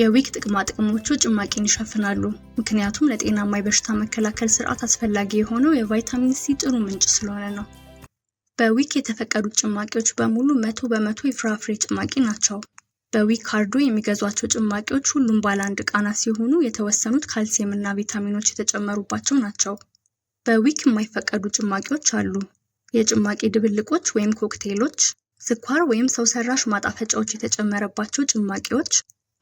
የዊክ ጥቅማ ጥቅሞቹ ጭማቂን ይሸፍናሉ፣ ምክንያቱም ለጤናማ የበሽታ መከላከል ስርዓት አስፈላጊ የሆነው የቫይታሚን ሲ ጥሩ ምንጭ ስለሆነ ነው። በዊክ የተፈቀዱት ጭማቂዎች በሙሉ መቶ በመቶ የፍራፍሬ ጭማቂ ናቸው። በዊክ ካርዶ የሚገዟቸው ጭማቂዎች ሁሉም ባለ አንድ ቃና ሲሆኑ የተወሰኑት ካልሲየም እና ቪታሚኖች የተጨመሩባቸው ናቸው። በዊክ የማይፈቀዱ ጭማቂዎች አሉ። የጭማቂ ድብልቆች ወይም ኮክቴሎች፣ ስኳር ወይም ሰው ሰራሽ ማጣፈጫዎች የተጨመረባቸው ጭማቂዎች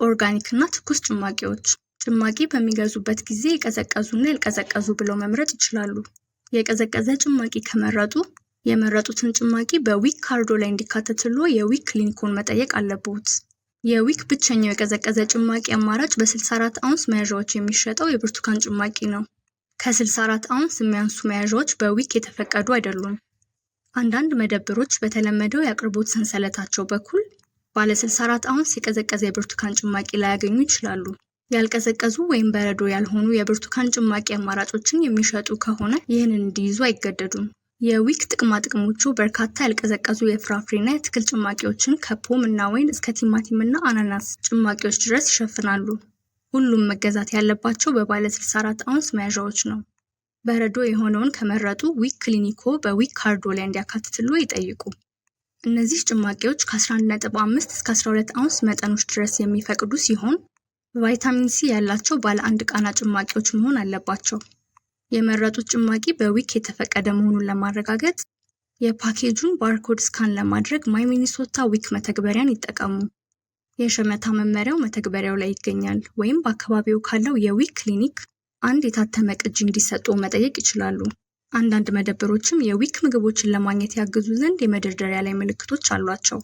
ኦርጋኒክ እና ትኩስ ጭማቂዎች ጭማቂ በሚገዙበት ጊዜ የቀዘቀዙ እና ያልቀዘቀዙ ብለው መምረጥ ይችላሉ። የቀዘቀዘ ጭማቂ ከመረጡ የመረጡትን ጭማቂ በዊክ ካርዶ ላይ እንዲካተትሎ የዊክ ሊንክዎን መጠየቅ አለብዎት። የዊክ ብቸኛው የቀዘቀዘ ጭማቂ አማራጭ በ64 አውንስ መያዣዎች የሚሸጠው የብርቱካን ጭማቂ ነው። ከ64 አውንስ የሚያንሱ መያዣዎች በዊክ የተፈቀዱ አይደሉም። አንዳንድ መደብሮች በተለመደው የአቅርቦት ሰንሰለታቸው በኩል ባለ 64 አውንስ የቀዘቀዘ የብርቱካን ጭማቂ ላያገኙ ይችላሉ። ያልቀዘቀዙ ወይም በረዶ ያልሆኑ የብርቱካን ጭማቂ አማራጮችን የሚሸጡ ከሆነ ይህንን እንዲይዙ አይገደዱም። የዊክ ጥቅማ ጥቅሞቹ በርካታ ያልቀዘቀዙ የፍራፍሬና የአትክልት ጭማቂዎችን ከፖም እና ወይን እስከ ቲማቲም እና አናናስ ጭማቂዎች ድረስ ይሸፍናሉ። ሁሉም መገዛት ያለባቸው በባለ 64 አውንስ መያዣዎች ነው። በረዶ የሆነውን ከመረጡ ዊክ ክሊኒኮ በዊክ ካርዶ ላይ እንዲያካትትሎ ይጠይቁ። እነዚህ ጭማቂዎች ከ11.5 እስከ 12 አውንስ መጠኖች ድረስ የሚፈቅዱ ሲሆን ቫይታሚን ሲ ያላቸው ባለ አንድ ቃና ጭማቂዎች መሆን አለባቸው። የመረጡት ጭማቂ በዊክ የተፈቀደ መሆኑን ለማረጋገጥ የፓኬጁን ባርኮድ ስካን ለማድረግ ማይ ሚኒሶታ ዊክ መተግበሪያን ይጠቀሙ። የሸመታ መመሪያው መተግበሪያው ላይ ይገኛል፣ ወይም በአካባቢው ካለው የዊክ ክሊኒክ አንድ የታተመ ቅጂ እንዲሰጡ መጠየቅ ይችላሉ። አንዳንድ መደብሮችም የዊክ ምግቦችን ለማግኘት ያግዙ ዘንድ የመደርደሪያ ላይ ምልክቶች አሏቸው።